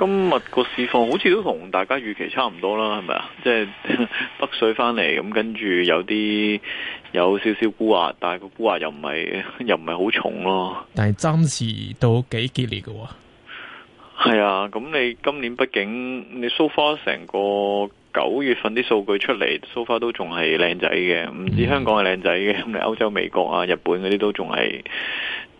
今日個市況好似都同大家預期差唔多啦，係咪啊？即 係北水翻嚟，咁跟住有啲有少少沽壓，但係個沽壓又唔係又唔係好重咯。但係暫時都幾激烈嘅？係 啊，咁你今年畢竟你 so far 成個九月份啲數據出嚟，so far 都仲係靚仔嘅，唔止香港係靚仔嘅，咁你歐洲、美國啊、日本嗰啲都仲係。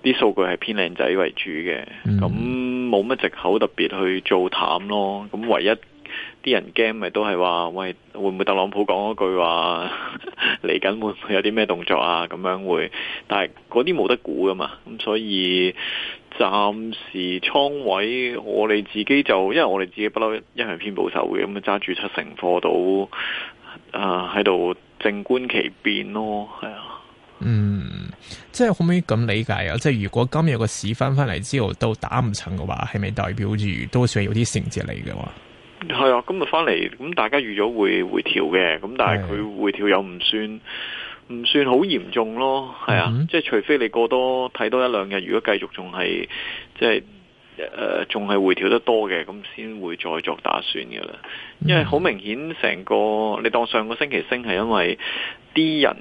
啲數據係偏靚仔為主嘅，咁冇乜藉口特別去做淡咯。咁唯一啲人驚咪都係話，喂會唔會特朗普講嗰句話嚟緊會唔會有啲咩動作啊？咁樣會，但係嗰啲冇得估㗎嘛。咁所以暫時倉位，我哋自己就因為我哋自己不嬲一向偏保守嘅，咁揸住七成貨到啊喺度靜觀其變咯。係啊。嗯，即係可唔可以咁理解啊？即係如果今日個市翻返嚟之後都打唔沉嘅話，係咪代表住都算有啲承接嚟嘅？係啊，今日翻嚟咁，大家預咗會回調嘅，咁但係佢回調又唔算唔是算好嚴重咯。係啊，嗯、即係除非你過多睇多一兩日，如果繼續仲係即係誒，仲、呃、係回調得多嘅，咁先會再作打算嘅啦。嗯、因為好明顯成個你當上個星期升係因為啲人。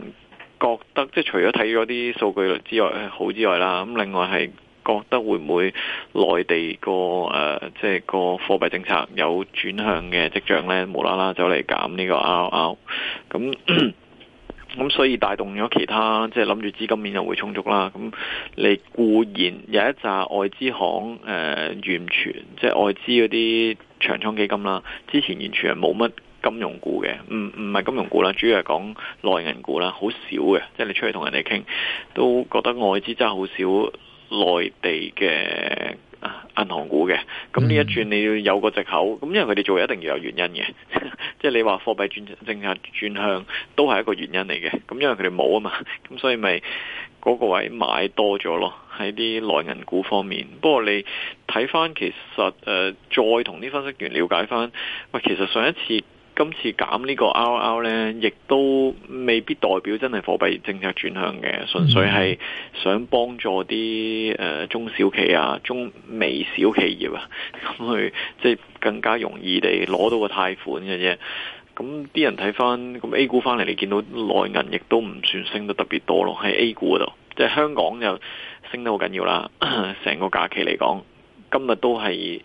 覺得即係除咗睇咗啲數據之外好之外啦，咁另外係覺得會唔會內地個誒、呃、即係個貨幣政策有轉向嘅跡象呢？無啦啦走嚟減呢個 R R，咁咁所以帶動咗，咗，咗，咗，咗其他，即係諗住資金面又會充足啦。咁你固然有一紮外資行誒、呃、完全即係外資嗰啲長倉基金啦，之前完全係冇乜。金融股嘅，唔唔係金融股啦，主要係講內銀股啦，好少嘅，即係你出去同人哋傾，都覺得外資真係好少內地嘅啊銀行股嘅，咁呢一轉你要有個借口，咁因為佢哋做嘢一定要有原因嘅，即係你話貨幣轉政策轉向都係一個原因嚟嘅，咁因為佢哋冇啊嘛，咁所以咪嗰個位買多咗咯，喺啲內銀股方面。不過你睇翻其實誒、呃，再同啲分析員了解翻，喂，其實上一次。今次減呢個 RR 呢，亦都未必代表真係貨幣政策轉向嘅，純粹係想幫助啲誒、呃、中小企啊、中微小企業啊，咁去即係更加容易地攞到個貸款嘅啫。咁啲人睇翻咁 A 股翻嚟，你見到內銀亦都唔算升得特別多咯，喺 A 股嗰度，即係香港就升得好緊要啦，成個假期嚟講。今日都係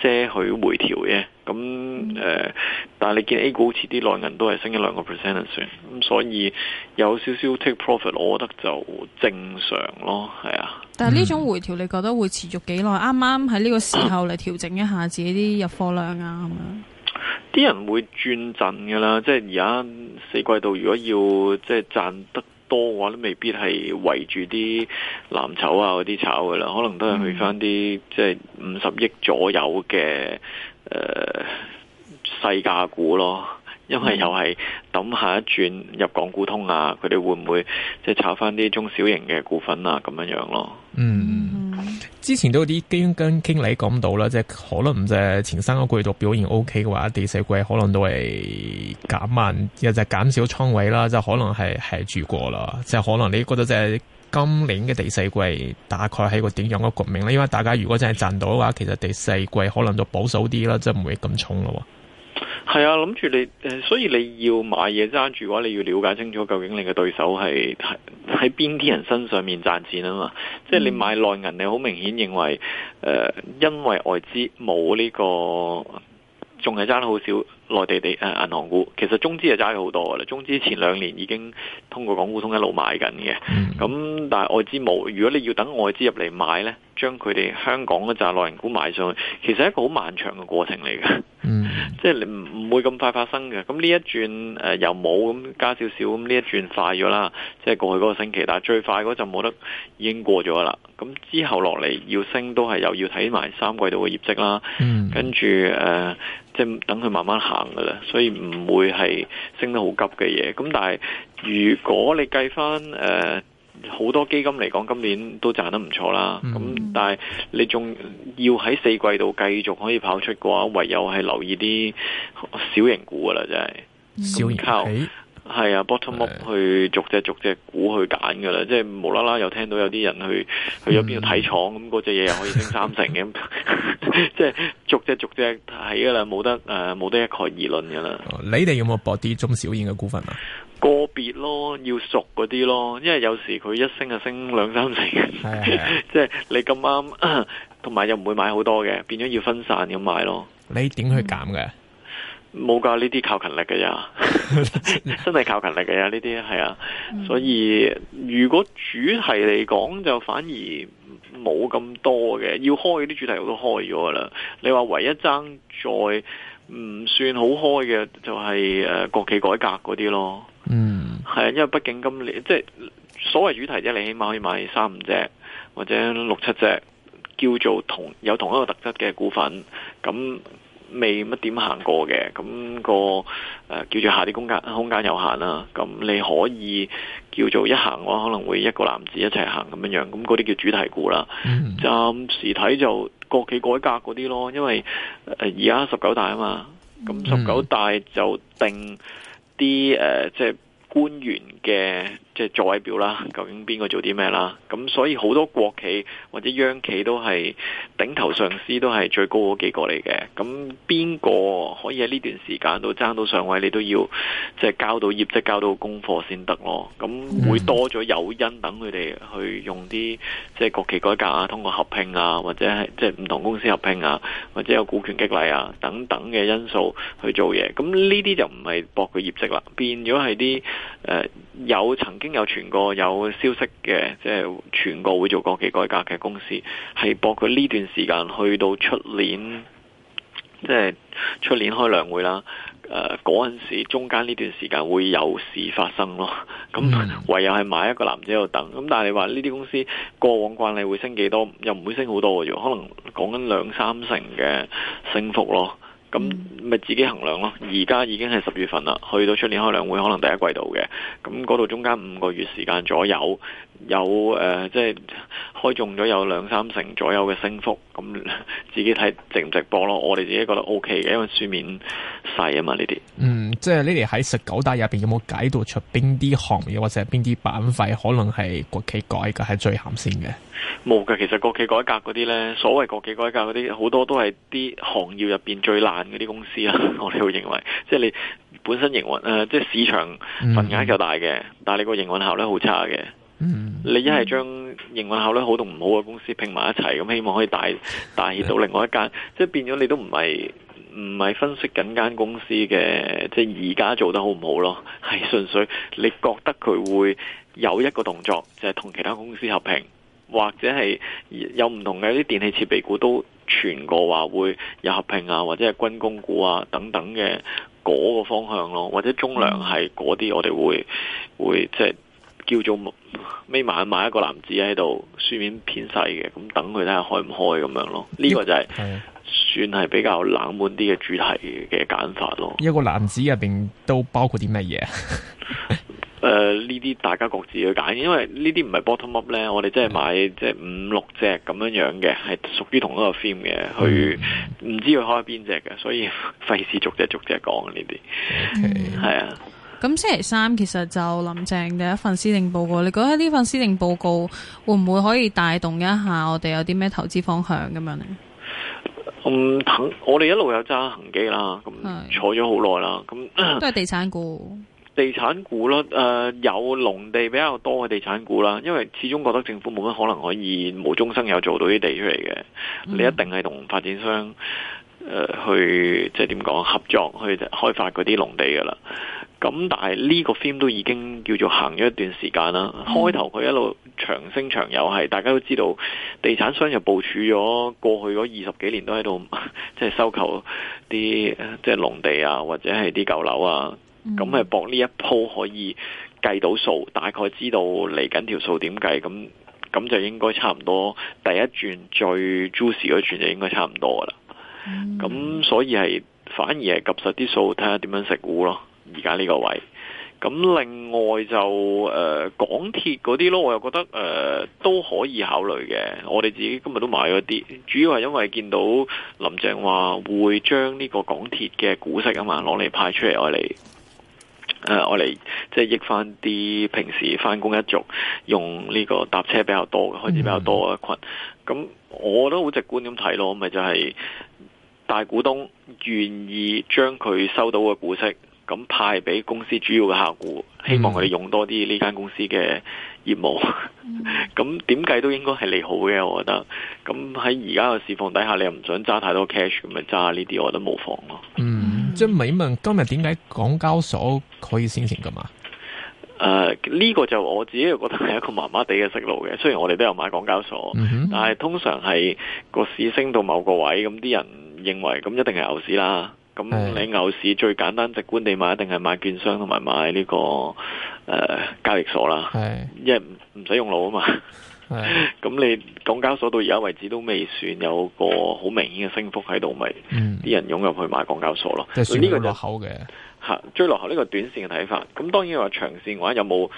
些許回調嘅，咁、嗯、誒、嗯呃，但係你見 A 股好似啲內銀都係升一兩個 percent 算，咁所以有少少 take profit，我覺得就正常咯，係啊。但係呢種回調，你覺得會持續幾耐？啱啱喺呢個時候嚟調整一下自己啲入貨量啊，咁樣。啲、嗯、人會轉陣㗎啦，即係而家四季度如果要即係賺得。多嘅話都未必係圍住啲藍籌啊，嗰啲炒嘅啦，可能都係去翻啲、嗯、即係五十億左右嘅誒細價股咯，因為又係等下一轉入港股通啊，佢哋會唔會即係炒翻啲中小型嘅股份啊咁樣樣咯？嗯。之前都有啲經跟經理講到啦，即係可能就係前三個季度表現 O K 嘅話，第四季可能都係減慢，又就係減少倉位啦，就可能係係住過啦，即係可能你覺得就係今年嘅第四季大概係個點樣嘅局面咧？因為大家如果真係賺到嘅話，其實第四季可能都保守啲啦，即係唔會咁沖咯。係啊，諗住你，所以你要買嘢揸住嘅話，你要了解清楚究竟你嘅對手係喺邊啲人身上面賺錢啊嘛。即係你買內銀，你好明顯認為、呃、因為外資冇呢個，仲係揸得好少。內地地誒銀行股，其實中資就揸咗好多嘅啦。中資前兩年已經通過港股通一路買緊嘅，咁、嗯、但係外資冇。如果你要等外資入嚟買呢，將佢哋香港嘅就係內銀股買上去，其實係一個好漫長嘅過程嚟嘅，即係你唔唔會咁快發生嘅。咁呢一轉又冇咁加少少，咁呢一轉快咗啦，即係過去嗰個星期，但係最快嗰陣冇得已經過咗啦。咁之後落嚟要升都係又要睇埋三季度嘅業績啦，嗯、跟住誒即係等佢慢慢行。嗯、所以唔會係升得好急嘅嘢。咁但係如果你計返誒好多基金嚟講，今年都賺得唔錯啦。咁但係你仲要喺四季度繼續可以跑出嘅話，唯有係留意啲小型股噶啦，真係小型。係啊，bottom up 去逐隻逐隻股去揀噶啦，即係無啦啦又聽到有啲人去去咗邊度睇廠，咁嗰隻嘢又可以升三成，咁 即係逐隻逐隻睇噶啦，冇得誒、呃、冇得一概而論噶啦。你哋有冇博啲中小型嘅股份啊？個別咯，要熟嗰啲咯，因為有時佢一升就升兩三成， 即係你咁啱，同埋又唔會買好多嘅，變咗要分散咁買咯。你點去減嘅？嗯冇噶，呢啲靠勤力嘅呀。 真係靠勤力嘅呀，呢啲係啊。所以如果主題嚟講就反而冇咁多嘅，要開嗰啲主題我都開咗啦。你話唯一爭在唔算好開嘅就係誒國企改革嗰啲咯，嗯，係啊，因為畢竟今年即係所謂主題啫，你起碼可以買三五隻或者六七隻叫做同有同一個特質嘅股份咁。未乜點行過嘅，咁、嗰個誒、呃、叫做下跌空間空間有限啦、啊。咁你可以叫做一行嘅話，可能會一個男子一齊行咁樣樣。咁嗰啲叫主題股啦。暫、mm hmm. 時睇就國企改革嗰啲咯，因為誒而家十九大啊嘛，咁十九大就定啲誒即係官員嘅。即係座位表啦，究竟邊個做啲咩啦？咁所以好多國企或者央企都係頂頭上司都係最高嗰幾個嚟嘅。咁邊個可以喺呢段時間都爭到上位，你都要即係交到業績，交到功課先得咯。咁會多咗誘因，等佢哋去用啲即係國企改革啊，通過合併啊，或者係即係唔同公司合併啊，或者有股權激勵啊等等嘅因素去做嘢。咁呢啲就唔係博個業績啦，變咗係啲誒有曾經。有傳過有消息嘅，即係全國會做國企改革嘅公司，係博佢呢段時間去到出年，即係出年開兩會啦。呃，嗰陣時中間呢段時間會有事發生咯，咁、嗯、唯有係買一個籃子喺度等。咁但係你話呢啲公司過往慣例會升幾多，又唔會升好多嘅，可能講緊兩三成嘅升幅咯。咁咪自己衡量咯。而家已經係十月份啦，去到出年開兩會，可能第一季度嘅，咁嗰度中間五個月時間左右。有誒、呃，即係開中咗有兩三成左右嘅升幅，咁、嗯、自己睇值唔值博咯？我哋自己覺得 O K 嘅，因為輸面細啊嘛呢啲。嗯，即係你哋喺十九大入邊有冇解讀出邊啲行業或者係邊啲板塊可能係國企改革係最咸先嘅？冇嘅，其實國企改革嗰啲咧，所謂國企改革嗰啲，好多都係啲行業入邊最爛嗰啲公司啦。 我哋會認為，即係你本身營運誒、呃，即係市場份額較大嘅，嗯、但係你個營運效率好差嘅。嗯，mm hmm. 你一係將營運效率好同唔好嘅公司拼埋一齊，咁希望可以大大到另外一間， 即係變咗你都唔係唔係分析緊間公司嘅即係而家做得好唔好咯，係純粹你覺得佢會有一個動作，就係、是、同其他公司合併，或者係有唔同嘅啲電器設備股都傳過話會有合併啊，或者係軍工股啊等等嘅嗰個方向咯，或者中糧係嗰啲，我哋、mm hmm. 會會即係。叫做眯埋買一個男子喺度，書面片細嘅，咁等佢睇下開唔開咁樣咯。呢、這個就係算係比較冷門啲嘅主題嘅揀法咯。一個男子入邊都包括啲咩嘢？誒、 呃，呢啲大家各自去揀，因為呢啲唔係 bottom up 咧，我哋真係買即係五六隻咁樣樣嘅，係屬於同一個 theme 嘅，去唔、嗯、知佢開邊隻嘅，所以費事 逐隻逐隻講呢啲，係 Okay. 啊。咁星期三其實就林鄭第一份施政報告，你覺得呢份施政報告會唔會可以帶動一下我哋有啲咩投資方向咁樣咧？嗯，我哋一路有揸恆基啦，咁坐咗好耐啦，咁、嗯、都係地產股，地產股啦，誒、呃、有農地比較多嘅地產股啦，因為始終覺得政府冇乜可能可以無中生有做到啲地出嚟嘅，嗯、你一定係同發展商誒、呃、去即係點講合作去開發嗰啲農地噶啦。咁但係呢個 film 都已經叫做行咗一段時間啦。嗯、開頭佢一路長升長有係，大家都知道地產商又部署咗過去嗰二十幾年都喺度即係收購啲即係農地啊，或者係啲舊樓啊。咁係搏呢一鋪可以計到數，大概知道嚟緊條數點計，咁咁就應該差唔多第一轉最 juicy 嗰轉就應該差唔多噶啦。咁、嗯、所以係反而係及實啲數，睇下點樣食糊咯。而家呢個位，咁另外就誒、呃、港鐵嗰啲咯，我又覺得誒、呃、都可以考慮嘅。我哋自己今日都買咗啲，主要係因為見到林鄭話會將呢個港鐵嘅股息啊嘛攞嚟派出嚟，我嚟誒我嚟即係益返啲平時返工一族用呢個搭車比較多，開始比較多一羣。咁我都好直觀咁睇咯，咪就係、是、大股東願意將佢收到嘅股息。咁派俾公司主要嘅客戶，希望佢哋用多啲呢間公司嘅業務。咁點計都應該係利好嘅，我覺得。咁喺而家嘅市況底下，你又唔想揸太多 cash，咁咪揸呢啲，我覺得冇妨咯。嗯，即係咪問今日點解港交所可以升成咁啊？誒、呃，呢、這個就我自己覺得係一個麻麻地嘅思路嘅。雖然我哋都有買港交所，嗯、哼但係通常係個市升到某個位，咁啲人認為咁一定係牛市啦。咁你牛市最簡單直觀地買，一定係買券商同埋買呢、這個誒、呃、交易所啦，的因為唔使用腦啊嘛。咁的 你港交所到而家為止都未算有個好明顯嘅升幅喺度，咪啲、嗯、人湧入去買港交所咯。呢個就好、是、嘅。嗯吓，追落後呢個短線嘅睇法，咁當然話長線，話有冇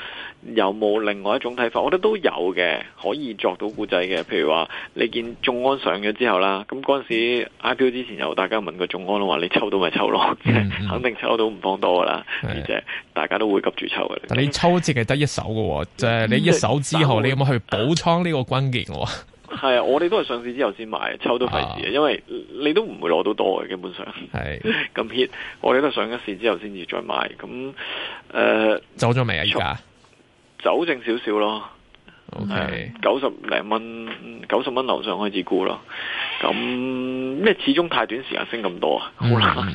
有冇另外一種睇法？我覺得都有嘅，可以作到故仔嘅。譬如話你見眾安上咗之後啦，咁嗰陣時 IPO 之前有大家問過眾安啦，話你抽到咪抽咯，嗯、肯定抽到唔放多噶啦，即係是大家都會急住抽嘅。你抽只係得一手嘅，即、就、係、是、你一手之後，你有冇去補倉呢個關鍵？啊 係啊，我哋都係上市之後先買，抽到費事啊，因為你都唔會攞到多嘅，基本上係咁 heat 我哋都係上咗市之後先至再買。咁誒、呃在，走咗未啊？依家走正少少咯。O K，九十零蚊，九十蚊樓上開始估沽咯。咁咩？始終太短時間升咁多 啊，好難係。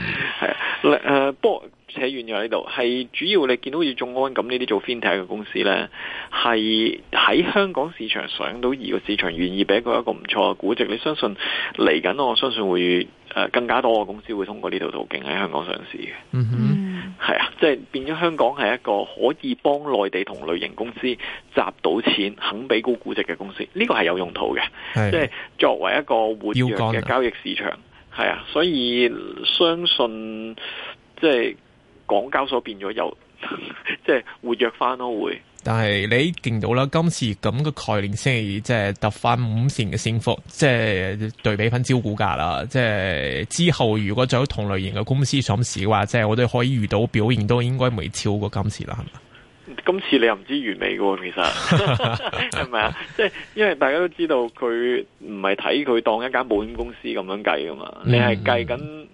誒，不過。扯遠咗喺度，係主要你見到好似眾安咁呢啲做 fintech 嘅公司呢，係喺香港市場上到而個市場願意俾佢一個唔錯嘅估值。你相信嚟緊，我相信會誒、呃、更加多嘅公司會通過呢條途徑喺香港上市嘅。嗯哼、mm，係、hmm. 啊，即、就、係、是、變咗香港係一個可以幫內地同類型公司集到錢、肯俾高估值嘅公司。呢個係有用途嘅，即係 作為一個活躍嘅交易市場。係 啊，啊，所以相信即係。港交所變咗又 即係活躍翻咯，會。但係你見到啦，今次咁嘅概念先係即係突翻五成嘅升幅，即係對比翻招股價啦。即係之後如果再有同類型嘅公司上市嘅話，即係我哋可以預到表現都應該未超過今次啦，係咪？今次你又唔知完美嘅喎，其實係咪啊？即係因為大家都知道佢唔係睇佢當一間保險公司咁樣計㗎嘛，你係計緊。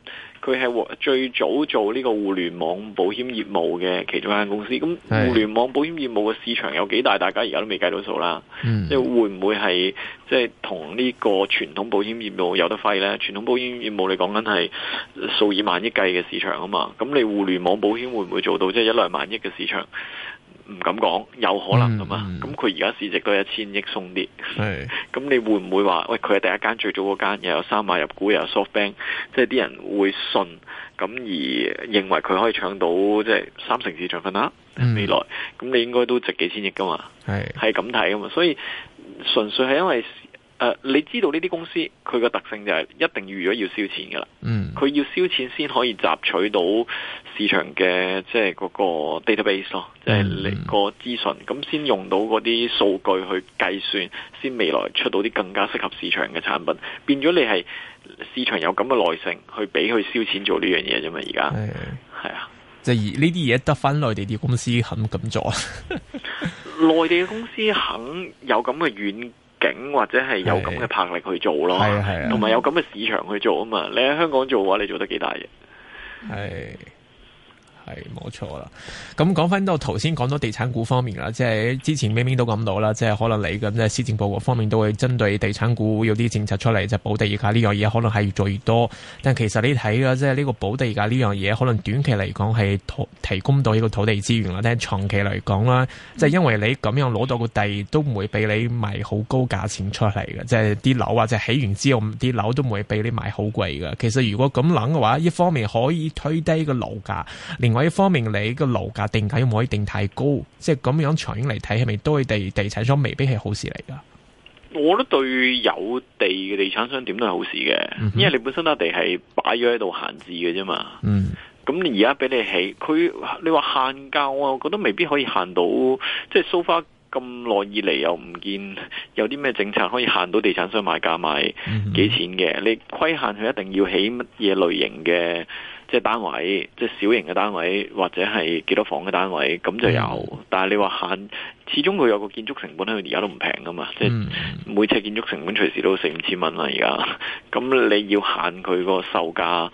佢係最早做呢個互聯網保險業務嘅其中一間公司，咁互聯網保險業務嘅市場有幾大？大家而家都未計到數啦，嗯。即係會唔會係即係同呢個傳統保險業務有得揮呢？傳統保險業務你講緊係數以萬億計嘅市場啊嘛，咁你互聯網保險會唔會做到即係一兩萬億嘅市場？唔敢講，有可能噶嘛？咁佢而家市值都一千億，鬆啲是。係、嗯，咁你會唔會話，喂，佢係第一間最早嗰間，又有三馬入股，又有 softbank 即係啲人會信，咁而認為佢可以搶到即係三成市場份額啦。未、嗯、來，咁你應該都值幾千億噶嘛？係係咁睇噶嘛？所以純粹係因為。誒，uh, 你知道呢啲公司佢嘅特性就係一定預咗要燒錢噶啦，嗯，佢要燒錢先可以集取到市場嘅即係嗰個 database 咯，即係你個資訊，咁先、嗯、用到嗰啲數據去計算，先未來出到啲更加適合市場嘅產品。變咗你係市場有咁嘅耐性去俾佢燒錢做呢樣嘢啫嘛？而家係啊，即係呢啲嘢得翻內地啲公司肯咁做，啊，內地嘅公司肯有咁嘅軟。景或者係有咁嘅魄力去做咯，係係，同埋有咁嘅市場去做啊嘛。你喺香港做嘅話，你做得幾大嘅？係。係冇錯啦，咁講翻到頭先講到地產股方面啦，即係之前明明都講到啦，即係可能你咁即係施政報告方面都會針對地產股有啲政策出嚟，就係保地價呢樣嘢可能係越做越多。但其實你睇嘅即係呢個保地價呢樣嘢，可能短期嚟講係提供到呢個土地資源啦，但係長期嚟講啦，即係因為你咁樣攞到個地都唔會俾你賣好高價錢出嚟嘅，即係啲樓即係起完之後啲樓都唔會俾你賣好貴嘅。其實如果咁諗嘅話，一方面可以推低個樓價，另外一方面，你個樓價定價有冇可以定太高？即係咁樣長遠嚟睇，係咪都地地產商未必係好事嚟噶？我覺得對有地嘅地產商點都係好事嘅，因為你本身嗰地係擺咗喺度閒置嘅啫嘛。嗯，咁你而家俾你起，佢你話限價，我覺得未必可以限到。即係 so far 咁耐以嚟，又唔見有啲咩政策可以限到地產商賣價賣幾錢嘅？你規限佢一定要起乜嘢類型嘅？即係單位，即係小型嘅單位，或者係幾多房嘅單位，咁就有。但係你話限，始終佢有個建築成本，佢而家都唔平噶嘛。嗯、即係每尺建築成本隨時都四五千蚊啦，而家。咁你要限佢個售價，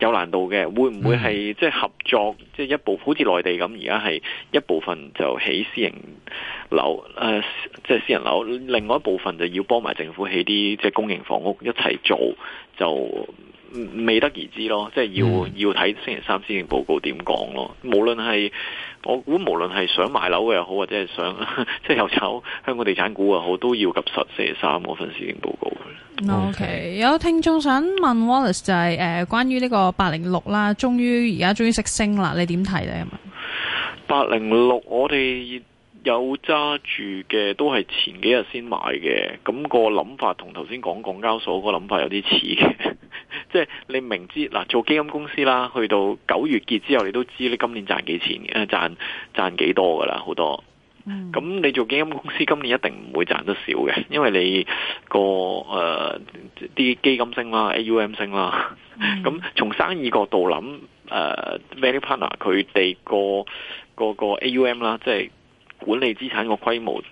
有難度嘅。會唔會係、嗯、即係合作？即係一部好似內地咁，而家係一部分就起私營。樓，誒、呃，即係私人樓。另外一部分就要幫埋政府起啲即係公營房屋一，一齊做就未得而知咯。即係要、嗯、要睇星期三施政報告點講咯。無論係我估，無論係想買樓嘅又好，或者係想呵呵即係又炒香港地產股又好都要及實星期三嗰份施政報告。O Okay. K，Okay. 有聽眾想問 Wallace 就係、是、誒、呃，關於呢個八零六啦，終於而家終於識升啦，你點睇呢？咁啊，八零六我哋。有揸住嘅都係前幾日先買嘅，咁、那個諗法同頭先講港交所個諗法有啲似嘅，即 係你明知嗱，做基金公司啦，去到九月結之後，你都知你今年賺幾錢嘅，賺賺幾多噶啦，好多。咁、嗯、你做基金公司今年一定唔會賺得少嘅，因為你個誒啲基金升啦，AUM 升啦，咁、嗯、 從生意角度諗誒 Vanguard 佢哋個嗰個 AUM 啦，即係。管理資產個規模，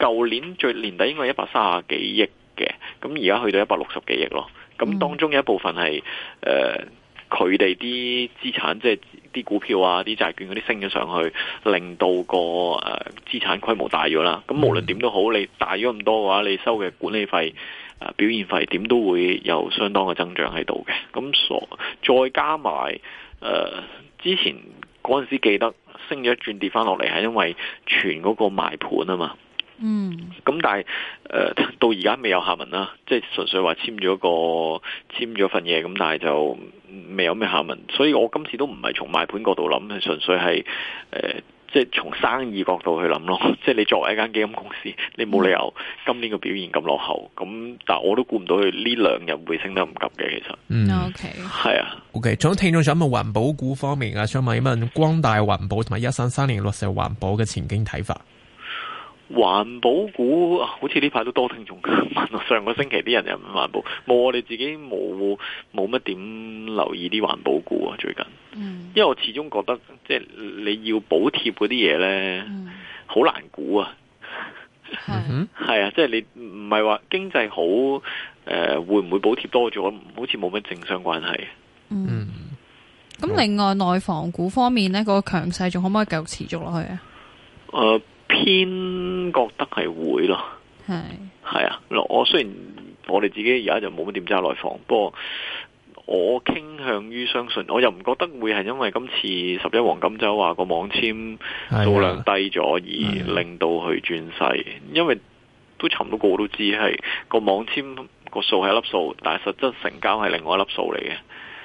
舊年最年底應該一百三十幾億嘅，咁而家去到一百六十幾億咯。咁當中有一部分係誒佢哋啲資產，即係啲股票啊、啲債券嗰啲升咗上去，令到、個誒、呃、資產規模大咗啦。咁無論點都好，你大咗咁多嘅話，你收嘅管理費、誒、呃、表現費點都會有相當嘅增長喺度嘅。咁所再加埋誒、呃、之前嗰陣時記得。升咗一轉跌翻落嚟，係因為全嗰個賣盤啊嘛。嗯。咁但係，誒、呃，到而家未有下文啦、啊，即係純粹話簽咗個簽咗份嘢，咁但係就未有咩下文。所以我今次都唔係從賣盤角度諗，係純粹係誒。呃即係從生意角度去諗咯，即係你作為一間基金公司，你冇理由今年嘅表現咁落後。咁，但我都估唔到佢呢兩日會升得唔急嘅，其實。嗯的，OK，係啊，OK。仲有聽眾想問環保股方面啊，想問一問光大環保同埋一三三零六四環保嘅前景睇法。環保股，啊、好似呢排都多聽眾，上個星期啲人又唔環保，冇我哋自己冇冇乜點留意啲環保股啊最近，嗯、因為我始終覺得即係、就是、你要補貼嗰啲嘢咧，好難估啊，係啊，即係你唔係話經濟好誒，會唔會補貼多咗？好似冇乜正相關係，嗯，咁另外內房股方面咧，嗰個強勢仲可唔可以繼續持續落去啊？誒、呃，偏。覺得係會咯，係係啊，我雖然我哋自己而家就冇乜點揸內房，不過我傾向於相信，我又唔覺得會係因為今次十一黃金周話個網簽數量低咗而令到佢轉勢，的因為都差唔多個個都知係個網簽個數係一粒數，但係實質成交係另外一粒數嚟嘅。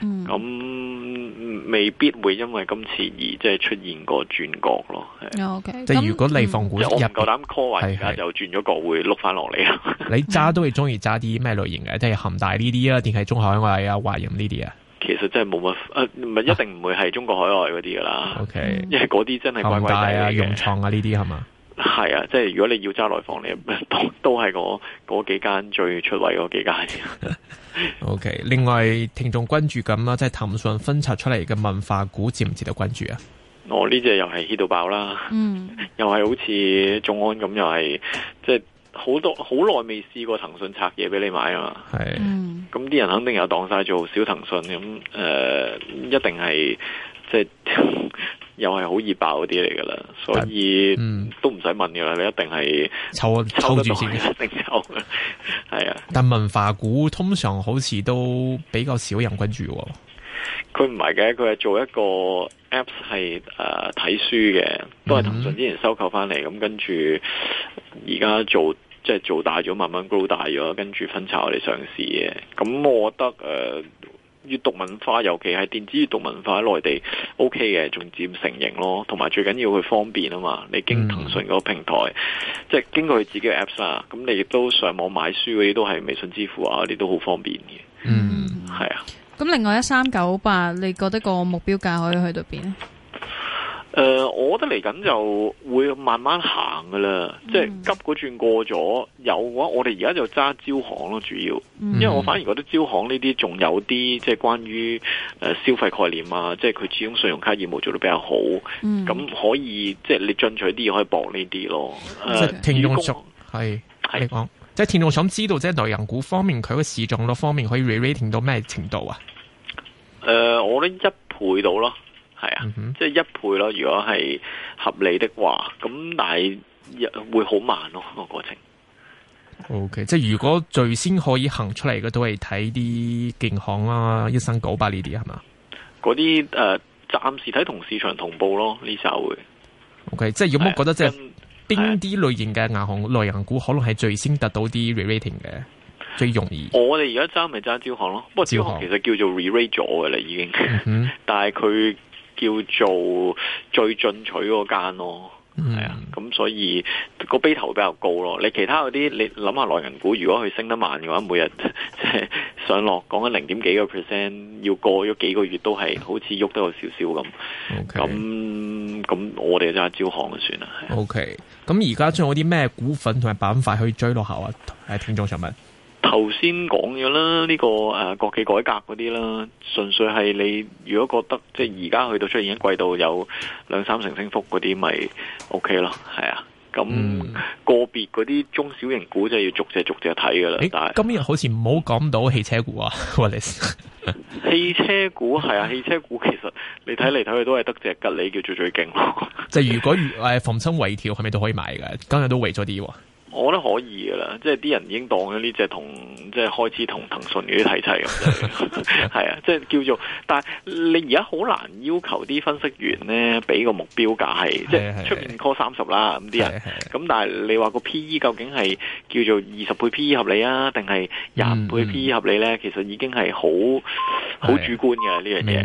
咁、嗯、未必會因為今次而即係出現過轉角咯。哦 okay。即係如果你放股入嚟，而家，嗯、的就轉咗角會碌翻落嚟啊！你揸都係中意揸啲咩類型嘅？嗯、即係恒大呢啲啊，定係中海外啊、華潤呢啲啊？其實真係冇乜，唔、啊、係一定唔會係中國海外嗰啲噶啦。O K，、啊、因為嗰啲真係乖乖啊，恒大啊，融創啊，呢啲係嘛？係啊，即係如果你要揸內房，你都都係嗰嗰幾間最出位嗰幾間。 o、okay, K，另外聽眾關注咁啦，即係騰訊分拆出嚟嘅文化股值唔值得關注啊？哦，呢隻又係 hit 到爆啦，嗯，又係好似眾安咁，又係即係好多好耐未試過騰訊拆嘢俾你買啊嘛，係，咁啲人肯定又當晒做小騰訊咁，誒、呃，一定係。即係 又係好熱爆嗰啲嚟噶啦，所以、嗯、都唔使問噶啦，你一定係抽啊，抽得住先一定抽嘅，係啊。但文化股通常好似都比較少人關注。佢唔係嘅，佢係做一個 apps 係誒睇、呃、書嘅，都係騰訊之前收購翻嚟，咁、嗯嗯、跟住而家做即係做大咗，慢慢 grow 大咗，跟住分拆我哋上市嘅。咁我覺得誒。呃閱讀文化，尤其係電子閱讀文化喺內地 OK 嘅，仲佔成型咯。同埋最緊要佢方便啊嘛，你經騰訊個平台，嗯、即係經過佢自己嘅 apps 啦，咁你亦都上網買書嗰啲都係微信支付啊，你都好方便嘅。嗯，係啊。咁另外一三九八，你覺得個目標價可以去到邊呢？誒，uh, 我覺得嚟緊就會慢慢行噶啦，嗯、即係急嗰轉過咗有嘅話，我哋而家就揸招行咯，主要，嗯、因為我反而覺得招行呢啲仲有啲即係關於誒消費概念啊，即係佢始終信用卡業務做得比較好，咁、嗯、可以即係你進取啲嘢可以搏呢啲咯。誒是，聽眾係你講，用你即係聽眾想知道即係內銀股方面佢嘅市賬率方面可以 rating 到咩程度啊？誒、呃，我諗一倍到咯。係啊，嗯、哼即係一倍咯。如果係合理的話，咁但係會好慢咯、啊這個過程。O、okay, K，即係如果最先可以行出嚟嘅都係睇啲建行啦、啊、一三九八呢啲係嘛？嗰啲誒，暫時睇同市場同步咯呢手會。O、okay, K，即係有冇覺得即係邊啲類型嘅銀行、銀行股可能係最先達到啲 re-rating 嘅？最容易。我哋而家爭咪爭招行咯，不過招行，行其實叫做 re-rate 咗嘅啦，已經。 但係佢。叫做最進取嗰間咯，係啊、嗯，咁所以個碑頭比較高咯。你其他嗰啲，你諗下內銀股，如果佢升得慢嘅話，每日即係上落講緊零點幾個 percent，要過咗幾個月都係好似喐得有少少咁。咁咁 Okay,，我哋就喺招行就算啦。O K. 咁而家仲有啲咩股份同埋板塊去追落後啊？係聽眾想問。頭先講咗啦，呢、這個誒、啊、國企改革嗰啲啦，純粹係你如果覺得即係而家去到出現一季度有兩三成升幅嗰啲，咪 OK 咯，係啊。咁、那個別嗰啲中小型股就要逐隻逐隻睇噶啦。誒、欸，是今日好似唔好講到汽車股啊 Wallace，汽車股係啊，汽車股其實你睇嚟睇去都係得隻吉利叫做最勁咯。 就如果誒逢新圍跳係咪都可以買噶？今日都圍咗啲。我覺得可以噶啦，即係啲人已經當咗呢隻同即係開始同騰訊嗰啲睇齊咁，係啊， 即係叫做。但係你而家好難要求啲分析員咧，俾個目標價係，是的 即係出面 call 三十啦咁啲是的 人，咁是的 但係你話個 P E 究竟係叫做二十倍 P E 合理啊，定係廿五倍 P E 合理咧？嗯、其實已經係好好主觀嘅呢樣嘢。的的